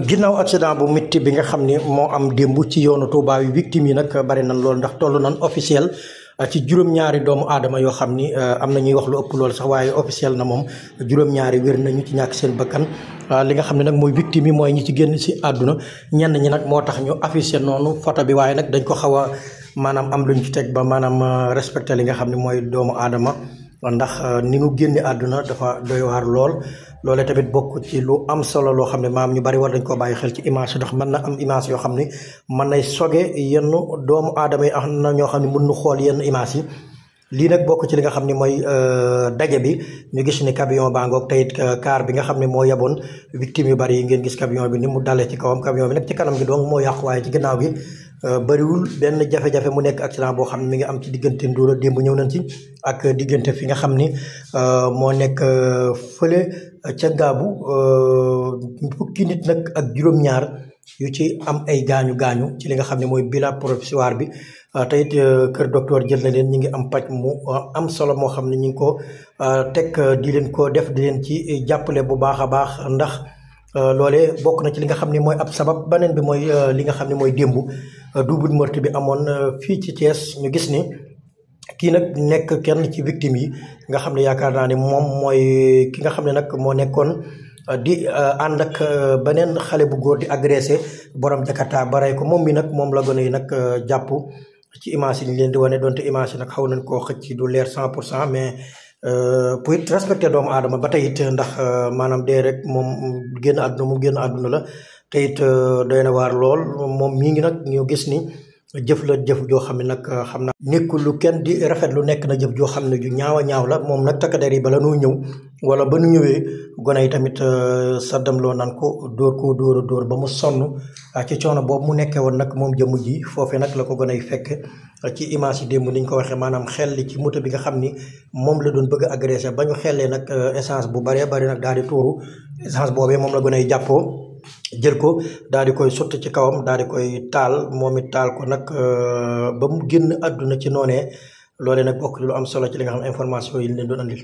ginnaaw accident bu métti bi nga xam ne moo am démb ci yoonu Touba yu victime yi nag bari nan lool ndax toll nan officiel ah, ci juróom-ñaari doomu aadama yoo xam ni ah, am na ñuy wax lu ëpp loolu sax waaye officiel na moom juróom-ñaari wér nañu ci ñàkk seen bakkan ah, li nga xam ne nag mooy victime yi mooy ñu ci génn si àdduna ñenn ñi nag moo tax ñu affiché noonu photo bi waaye nag dañ ko xaw a maanaam am luñ ci teg ba maanaam respecté li nga xam ne mooy doomu aadama ndax euh, ni nu génne àdduna dafa doy waar lool loole tamit bokk ci lu am solo loo xam ne maam ñu bari war dañ koo bàyyi xel ci image ndax mën na am image yoo xam ni mën nay soge yenn doomu aadama yi am na ñoo xam ne mën nu xool yenn image yi lii nag bokk ci li nga xam ne mooy euh, daje bi ñu gis ni camion baa ngoog tey euh, car bi nga xam ne moo yaboon victime yu bari yi ngeen gis camion bi ni mu dalee ci kawam camion bi nag ci kanam gi donc moo yàqu waaye ci ginnaaw gi euh, bëriwul benn jafe-jafe mu nekk accident boo xam ne mi ngi am ci diggante Ndoura démb ñëw nañ ci ak diggante fi nga xam ni moo nekk fële ca Ngaabu fukki nit nag ak juróom-ñaar yu ci am ay gaañu gaañu ci li nga xam ne mooy bila provisoire bi ah, tey it euh, kër docteur jël na leen ñu ngi am paj mu euh, am solo moo xam ne ñu ngi ko euh, teg di leen ko def di leen ci jàppale bu baax a baax ndax loole bokk na ci li nga xam ne mooy ab sabab beneen bi mooy li nga xam ne mooy démb double meurtre bi amoon fii ci Thiès ñu gis ni kii nag nekk kenn ci victime yi nga xam ne yaakaar naa ne moom mooy ki nga xam ne nag moo nekkoon di eh, ànd ak eh, beneen xale bu góor di agressé borom jakarta ba ko moom mi nag moom la gone yi nag eh, jàpp ci image yi ñu leen di wane donte image nag xaw nañ koo xëcc du leer cent pour cent mais pour it respecté doomu aadama ba tey it ndax maanaam dee rek moom génn àdduna mu génn àdduna la te it doy na waar lool moom mii ngi nag ñu gis ni jëf la jëf joo xam ne nag ah, xam naa nekkul lu kenn di rafet lu nekk na jëf joo xam ne ju ñaaw a ñaaw la moom nag takk der yi bala nu ñëw wala ba nu ñëwee gone yi tamit sa ah, saddam loo nan ko dóor ko dóor a dóor ba mu sonn ah, ci coono boobu mu nekkee woon nag moom jëmm ji foofee nag la ko gone yi fekk ci image yi démb ni ko waxee maanaam xel li ci moto bi nga xam ni moom la doon bëgg a ba ñu xelee nag essence bu baree bari nag daal di tuuru essence boobee moom la jàppoo jël ko daal koy sotti ci kawam daal di koy taal moom it taal ko nag euh, ba mu génn àdduna ci noonee loolee nag bokk lu am solo ci li nga xam information yi ñu leen doon andil.